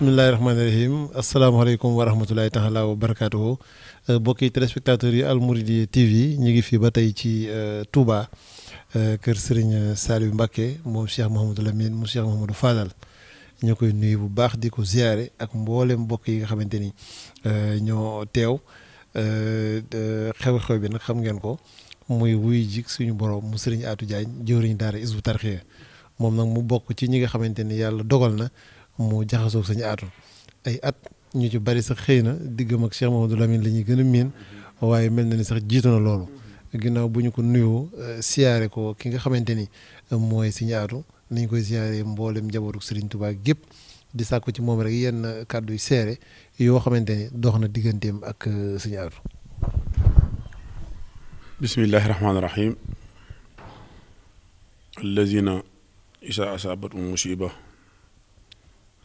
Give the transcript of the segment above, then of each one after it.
bisimilahi rahmaani rahim asalaamaaleykum wa rahmatulahi taala wa barakaatuhu euh, mbokki téléspectateurs yi Almouridiyyah TV ñu ngi fii ba tey ci euh, Touba euh, kër sëriñ Serigne Saliou Mbacké moom Cheikh Mouhamadou Lamine mu Cheikh Mouhamadou Fadal ñu koy nuyu bu baax di ko ziare ak mboole mbokk yi nga xamante ni ñoo teew xew-xew bi nag xam ngeen ko muy wuy jik suñu borom mu sëriñ Atou Diagne jëwriñ daara Hizbut Tarqiyyah moom nag mu bokk ci ñi nga xamante ni yàlla dogal na. mu jaxasoog sañ aatu ay at ñu ci bari sax xëy na diggam ak Cheikh Mamadou Lamine la ñuy gën a miin waaye mel na ni sax jiitu na loolu ginnaaw bu ñu ko nuyoo euh, siyaare ko ki nga xamante ni euh, mooy sañ aatu nañ koy siyaaree mboolem njabootu Serigne Touba gépp di sàkku ci moom rek yenn kàddu yu seere yoo xamante ni dox na digganteem ak euh, sañ aatu bismillahi rahmaani rahim alladina isa asabatum musiba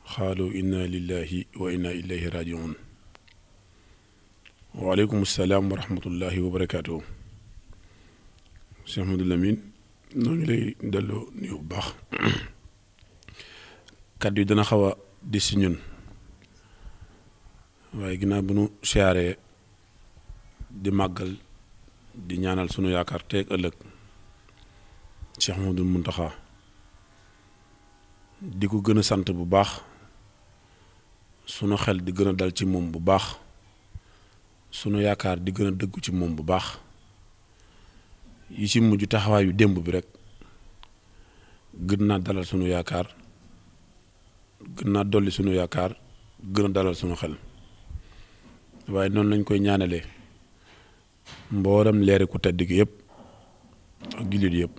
xaalu inna lillahi wa inna ilayhi rajiun waaleykum salaam wa rahmatullahi wa barakaatu Cheikh Madou Lamine noo ngi lay delloo nuyu bu baax kàddu yi dana xaw a di si ñun waaye ginnaaw bu nu siyaaree di màggal di ñaanal sunu yaakaar teeg ëllëg Cheikh Madou Muntaxa di ko gën a sant bu baax sunu xel di gën a dal ci moom bu baax sunu yaakaar di gën a dëggu ci moom bu baax yi ci mujj taxawaayu démb bi rek gën naa dalal sunu yaakaar gën naa dolli sunu yaakaar gën a dalal sunu xel waaye noonu lañ koy ñaanalee mboolem leeri ku tedd gi yëpp ak jullit yëpp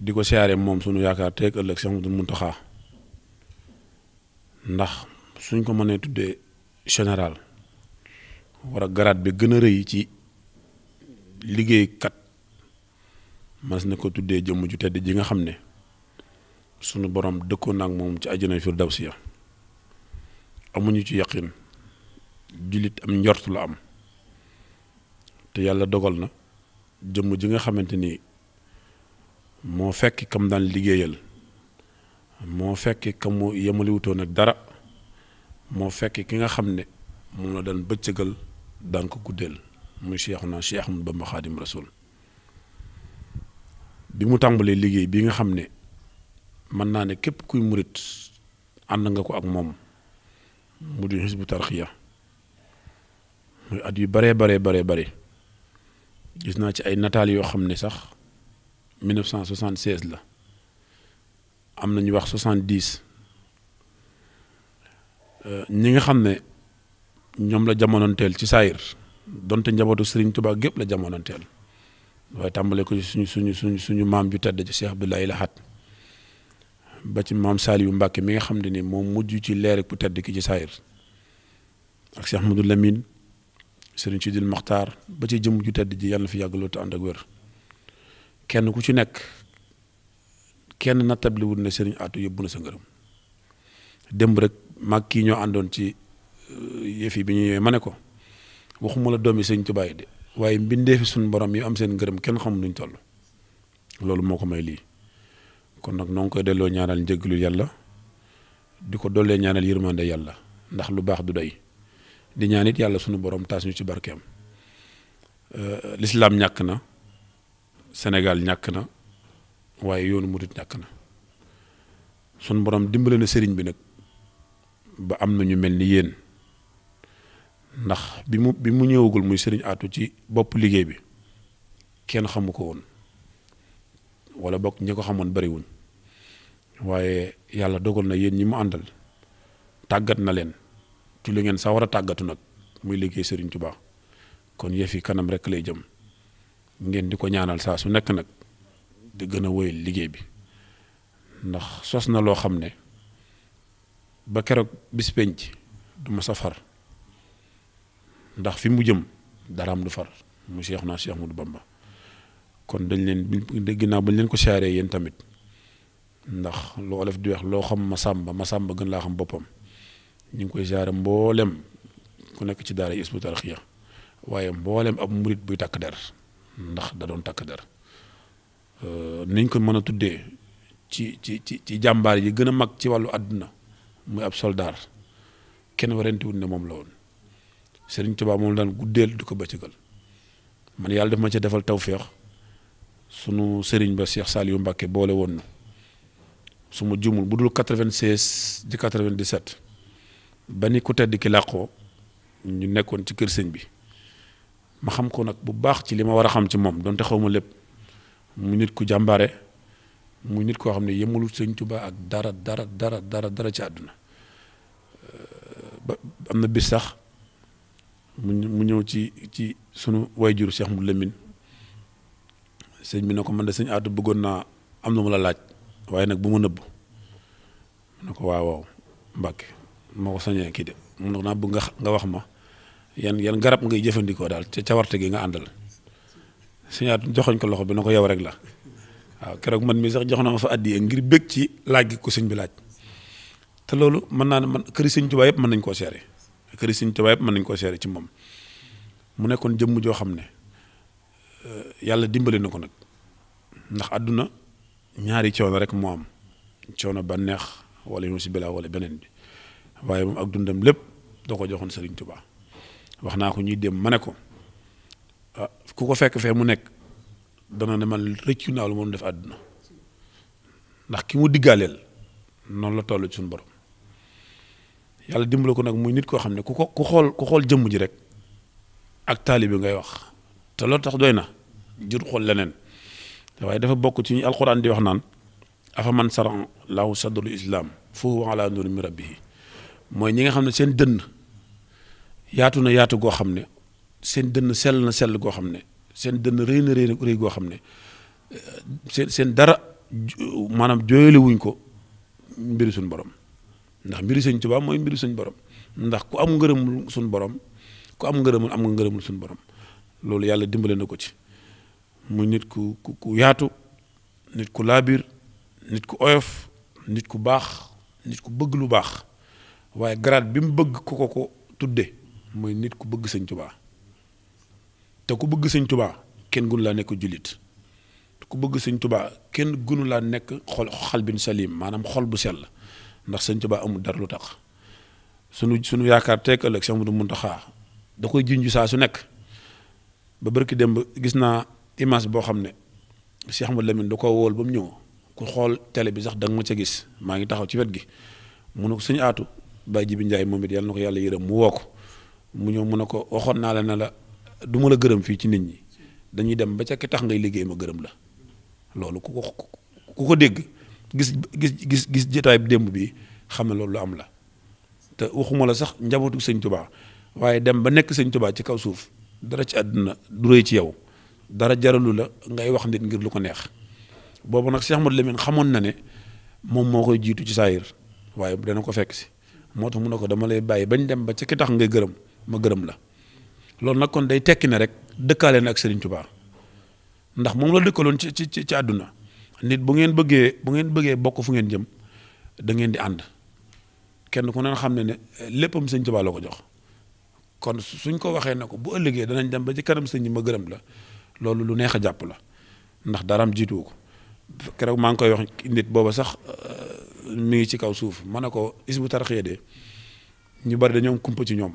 di ko siyaaree moom sunu yaakaar te ëllëg Cheikh Mouhamadou Mountakha ndax suñ ko mënee tuddee général war a garaat bi gën a rëy ci liggéeykat mas na ko tuddee jëmm ju tedd ji nga xam ne sunu boroom dëkkoon ak moom ci àjjana firdawsiya amuñu ci yaqin jullit am njort la am te yàlla dogal na jëmm ji nga xamante ni moo fekk kam daan liggéeyal moo fekk ka mu nag dara moo fekk ki nga xam ne moom la daan bëccëgal daan ko guddeel muy Cheikhuna Cheikh Ahmadou Bamba Xaadim Rasul bi mu tàmbalee liggéey bi nga xam ne mën naa ne képp kuy murit ànd nga ko ak moom mu di Hizbut Tarqiyyah muy at yu baree baree baree bare gis naa ci ay nataal yoo xam ne sax 1976 la am na ñu wax soixante-dix euh, ñi nga xam ne ñoom la jamononteel ci saayir donte njabootu sëriñ Touba gépp la jamonoonteel waaye tàmbale ko suñu suñu suñu suñu maam ju tedd ci Cheikh Abdoulaye Lahat ba ci maam Saliou Mbacke mi nga xam ni moom mujj ci leer ku tedd ki ci saayir ak Cheikh Modou Lamine Serigne Sidil Makhtar ba ci jëm ju tedd ji yàlla na fi yàgg loolu te ànd ak wér kenn ku ci nekk. kenn nattabliwul ne Serigne Atou yóbbu na sa ngërëm démb rek mag kii ñoo àndoon ci euh, yëf yi bi ñu ñëwee ma ne ko waxuma la doom yi sëñ Tuubaa yi de waaye mbindee fi suñu borom yi am seen ngërëm kenn xamul nuñ toll loolu moo ko may lii kon nag noo ngi koy delloo ñaanal njëggalu yàlla di ko dollee ñaanal yërmande yàlla ndax lu baax du doy di ñaan it yàlla sunu borom taas ñu ci barkeem euh, lislaam ñàkk na Sénégal ñàkk na waaye yoonu murit ñàkk na sun borom dimbale na sëriñ bi nag ba am na ñu mel ni yéen ndax bi mu bi mu ñëwagul muy sëriñ aatu ci bopp liggéey bi kenn xamu ko woon wala bokk ñi ko xamoon bariwuñ waaye yàlla dogal na yéen ñi mu àndal tàggat na leen ci lu ngeen sa war a tàggatu nag muy liggéey sëriñ Tuubaa kon yëf yi kanam rek lay jëm ngeen di ko ñaanal saa su nekk nag di gën a woy liggéey bi ndax sos na loo xam ne ba keroog bis penc du ma sa far ndax fi mu jëm dara am du far mu Seex naa mu du Bamba kon dañ leen ginnaaw bañ leen ko saaree yéen tamit ndax lu olof di wax loo xam Masamba Masamba gën laa xam boppam ñu ngi koy saare mboolem ku nekk ci daara Hizbut Tarqiyyah waaye mboolem ab murit buy takk der ndax da doon takk der Euh, niñ ko mën a tuddee ci ci ci ci jàmbaar yi gën a mag ci wàllu àdduna muy ab soldaar kenn warentiwul ne moom la woon Sëriñ Tuubaa moom daan guddeel di ko bëccëgal man yàlla def ma ca defal tawféex sunu sëriñ ba Cheikh Saliou Mbacke boole woon na su ma jumul bu dul 96 di 97 ba ni ku tedd ki làqoo ñu nekkoon ci kër sëñ bi ma xam ko nag bu baax ci li ma war a xam ci moom donte xaw ma lépp. mu nit ku jàmbare mu nit koo xam ne yemalu sëñ Tuba ak dara dara dara dara dara ci àdduna am na bis sax mu ñëw ci ci sunu wayjur Cheikh mu Lamine sëñ bi ne ko man de sëñ Aatu bëggoon naa am na mu la laaj waaye nag bu ma nëbb mu ne ko waaw waaw Mbàkke moo ko sañee kii de mu ne ko naa bëgg nga wax ma yan yan garab ngay jëfandikoo daal ca cawarte gi nga àndal siñaat joxoñ ko loxo bi na ko yow rek la waaw keroog man mii sax jox na ma fa addiya ngir bég ci laaj gi ko sëñ bi laaj te loolu mën naa ne man këri sëñ Tuubaa yëpp mën nañ koo seere këri sëñ Tuubaa mën nañ koo seere ci moom mu nekkoon jëmm joo xam ne eh, yàlla dimbali na ko nag ndax àdduna ñaari coono rek moo am coono bànneex wala yoon si bilaa wala beneen bi waaye moom ak dundam lépp da ko joxoon sëriñ Tuubaa wax naa ko ñuy dem ma ne ko ah ku ko fekk fee mu nekk dana ne man rëccu naa lu moom def àdduna ndax ki mu diggaaleel noonu la toll ci suñu borom yàlla dimbale ko nag muy nit koo xam ne ku ko ku xool ku xool jëmm ji rek ak taalibe ngay wax te loolu tax doy na jur xool leneen waaye dafa bokk ci ñu alxuraan di wax naan afa man saran laahu sadrul islam fa huwa ala nuuri min rabbihi mooy ñi nga xam ne seen dënn yaatu na yaatu goo xam ne seen dënn sel na sell goo xam ne seen dënn rey na rëy na rëy goo xam ne eh, seen seen dara maanaam jooyale wuñ ko mbiru suñ borom ndax mbiru sëñ Tuubaa mooy mbiru suñ borom ndax ku am ngërëmul suñ borom ku am ngërëmul am nga ngërëmul suñ borom loolu yàlla dimbale na ko ci muy nit ku ku yaatu nit ku laabir nit ku oyof nit ku baax nit ku bëgg lu baax waaye grade bi mu bëgg ku ko ko tudde mooy nit ku bëgg sëñ Tuubaa te ku bëgg sëñ tubaa kenn gunu laa nekk jullit ku bëgg sëñ tubaa kenn gunu laa nekk xol xal bin salim maanaam xol bu sell ndax sëñ tubaa amul dara lu tax sunu sunu yaakaar teeg ëllëg mun Amadou xaa da koy junju saa su nekk ba barki démb gis naa image boo xam ne Cheikh Amadou Lamine da ko wool ba mu ñëw ku xool tele bi sax da ma ca gis maa ngi taxaw ci wet gi munu ne ko suñu aatu Baye Jibi Njaay moom it yàlla na ko yàlla yërëm mu woo ko mu ñëw mu ne ko waxoon naa la ne la du ma la gërëm fii ci nit ñi dañuy dem ba ca ki tax ngay liggéey ma gërëm la loolu ku ko ku ko dégg gis gis gis gis jotaay démb bi xam ne loolu am la te waxuma la sax njabootu sëñ tubaa waaye dem ba nekk sëñ tubaa ci kaw suuf dara ci àdduna du rëy ci yow dara jaralu la ngay wax nit ngir lu ko neex boobu nag Cheikh Modou Lamine xamoon na ne moom moo koy jiitu ci saayir waaye dana ko fekk si moo tax mu ne ko dama lay bàyyi bañ dem ba ci ki tax ngay gërëm ma gërëm la loolu nag kon day tekki ne rek dëkkaale na ak Serigne Touba ndax moom la dëkkaloon ci ci ci àdduna nit bu ngeen bëggee bu ngeen bëggee bokk fu ngeen jëm da ngeen di ànd kenn ku ne xam ne ne léppam Serigne Touba la ko jox kon suñ ko waxee ne ko bu ëllëgee danañ dem ba ci kanam sëñ bi ma gërëm la loolu lu neex a jàpp la ndax daraam jiituwu ko keroog maa ngi koy wax nit booba sax euh, mi ngi ci kaw suuf ma ne ko is bu tarxee de ñu bari dañoo am kumpa ci ñoom.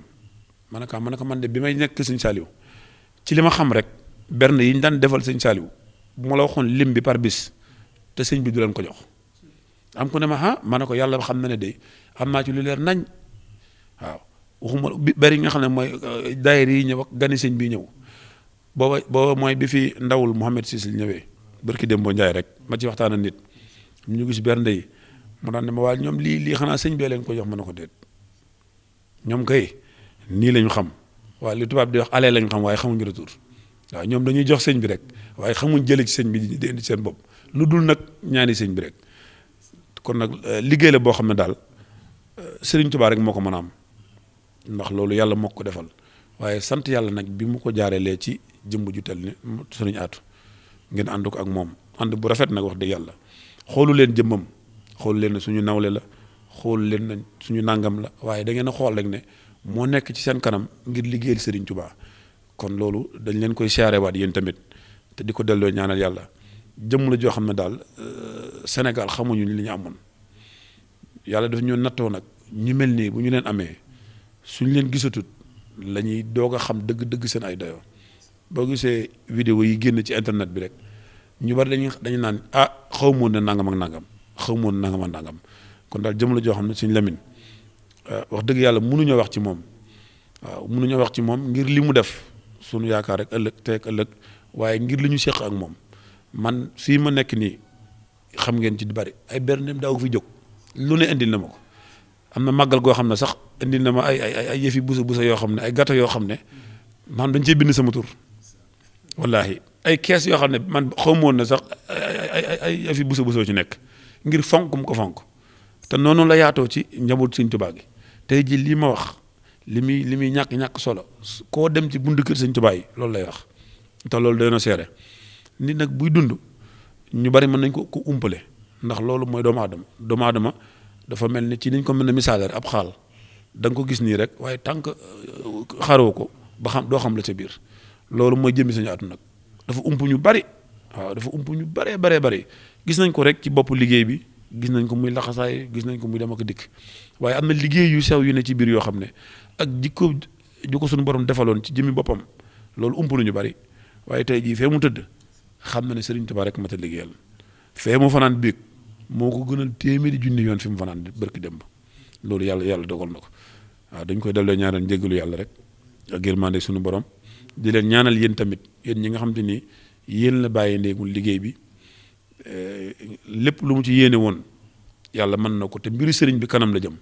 ma ne ma ne ko man de bi may nekk sëñ Saliou ci li ma xam rek berne yi ñu daan defal sëñ Saliou bu ma la waxoon lim bi par bis te sëñ bi du leen ko jox am ku ne ma ah ma ne ko yàlla xam na ne de am naa ci lu leer nañ waaw waxuma bari nga xam ne mooy euh, daayira yi ñëw ak gani sëñ bi ñëw booba booba mooy bi fi ndawul Mouhamed Cissé ñëwee barki dem boo Ndiaye rek ma ci waxtaan nit ñu gis si yi mu daan ne ma waa ñoom lii lii xanaa sëñ bee leen ko jox ma ne ko déet ñoom kay nii lañu xam waaw li tubaab di wax alee lañu xam waaye xamuñu retour waaw ñoom dañuy jox sëñ bi rek waaye xamuñ jële ci sëñ bi di indi seen bopp lu dul nag ñaani sëñ bi rek kon nag euh, liggéey la boo xam ne daal euh, sëriñ Tuubaa rek moo ko mën a am ndax loolu yàlla moo ko defal waaye sant yàlla nag bi mu ko jaaree lee ci jëmb ju tel ne sëriñ Aatu ngeen ànd ko ak moom ànd bu rafet nag wax dëgg yàlla xoolu leen jëmmam xoolu leen ne suñu nawle la xoolu leen ne suñu nàngam la waaye dangeen ngeen xool rek ne. moo nekk ci seen kanam ngir liggéeyal Serigne tubaa kon loolu dañ leen koy siyaarewaat yéen tamit te di ko delloo ñaanal yàlla jëmm la joo xam ne daal euh, Sénégal xamuñu li ñu amoon yàlla daf ñoo nattoo nag ñu mel nii bu ñu leen amee suñ leen gisatut la ñuy doog a xam dëgg-dëgg seen ay dayoo boo gisee vidéo yi génn ci internet bi rek ñu bari dañuy dañu naan ah xaw moon na nangam ak nangam xaw moon ne nangam ak nangam kon daal jëm la joo xam ne suñ lamin Euh, wax dëgg yàlla mënuñoo wax ci moom waaw mënuñoo wax ci moom ngir li mu def sunu yaakaar rek ëllëg teeg ëllëg waaye ngir li ñu séq ak moom man fii ma nekk nii xam ngeen ci bari ay berndeem daaw fi jóg lu ne indil na ma ko am na màggal goo xam ne sax indi na ma ay ay ay yëfi busa busa yoo xam ne ay gâteau yoo xam ne maanaam dañ cee bind sama tur wallaahi ay kees yoo xam ne man xamoon na sax ay ay yëfi busa busa ci nekk ngir fonk mu ko fonk te noonu la yaatoo ci njaboot Sëñ Tuubaa gi tey ji lii ma wax li muy li muy ñàkk-ñàkk solo koo dem ci buntu kër sëñ Tuubaa yi loolu lay wax te loolu dana seere nit nag buy dund ñu bari mën nañ ko ko umpale ndax loolu mooy doomu aadama doomu aadama dafa mel ni ci niñ ko mën a misaale ab xaal danga ko gis nii rek waaye tànk euh, xaroo ko ba xam doo xam la ca biir loolu mooy jëmmi sañu atu nag dafa ump ñu bari waaw dafa ump ñu baree bari gis nañ ko rek ci bopp liggéey bi gis nañ ko muy laxasaay gis nañ ko muy dem ak dikk waaye am na liggéey yu sew yu ne ci biir yoo xam ne ak jikko ju ko suñu borom defaloon ci jimmi boppam loolu umpalu ñu bari waaye tey jii fee mu tëdd xam na ne Serigne Touba rek mat a liggéeyal fee mu fanaan biig moo ko gënal téeméeri junni yoon fi mu fanaan barki demb loolu yàlla yàlla dogal na ko waaw dañ koy delloo ñaanal njéggalu yàlla rek ak yërmande suñu borom di leen ñaanal yéen tamit yéen ñi nga xam ni yéen la bàyyi ndéegul liggéey bi lépp lu mu ci yéene woon yàlla mën na ko te mbiru sëriñ bi kanam la jëm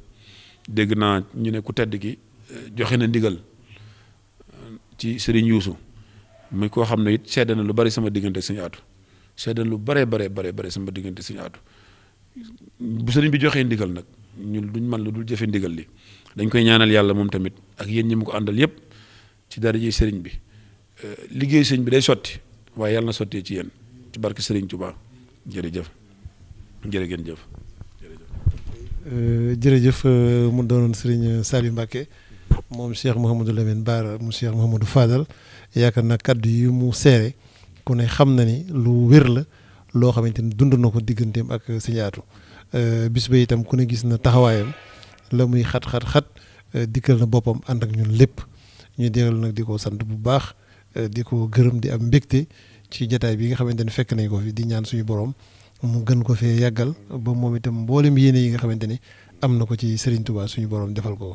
dégg naa ñu ne ku tedd gi eh, joxe na ndigal eh, ci sëriñ yuusu muy koo xam ne it seede na lu bari sama diggante suñu aatu seede na lu baree baree baree bare sama diggante suñu aatu bu sëriñ bi joxee ndigal nag ñun duñ mën lu dul jëfe ndigal li dañ koy ñaanal yàlla moom tamit ak yéen ñi mu ko àndal yépp ci dara ji sëriñ bi eh, liggéey sëriñ bi day sotti waaye yàlla na sottee ci yéen ci barke sëriñ Tuubaa jërëjëf jërë ngeen jëf euh, jërëjëf euh, mu doonoon sëriñ Saliou Mbacké moom Cheikh Mouhamadou Lamine Bara mu Cheikh Mouhamadou Fadal yaakaar nag kàddu yi mu seere ku ne xam na ni lu wér la loo xamante ni dund na ko digganteem ak Serigne Atou euh, bis ba itam ku ne gis na taxawaayam la muy xat-xat-xat dikkal na boppam ànd ak ñun lépp ñu déglu nag di ko sant bu baax di ko gërëm di am mbégte ci jataay bi nga xamante ne fekk nañ ko fi di ñaan suñu borom mu gën ko fee yàggal ba moom itam mboolem yéene yi nga xamante ni am na ko ci Serigne Touba suñu borom defal ko.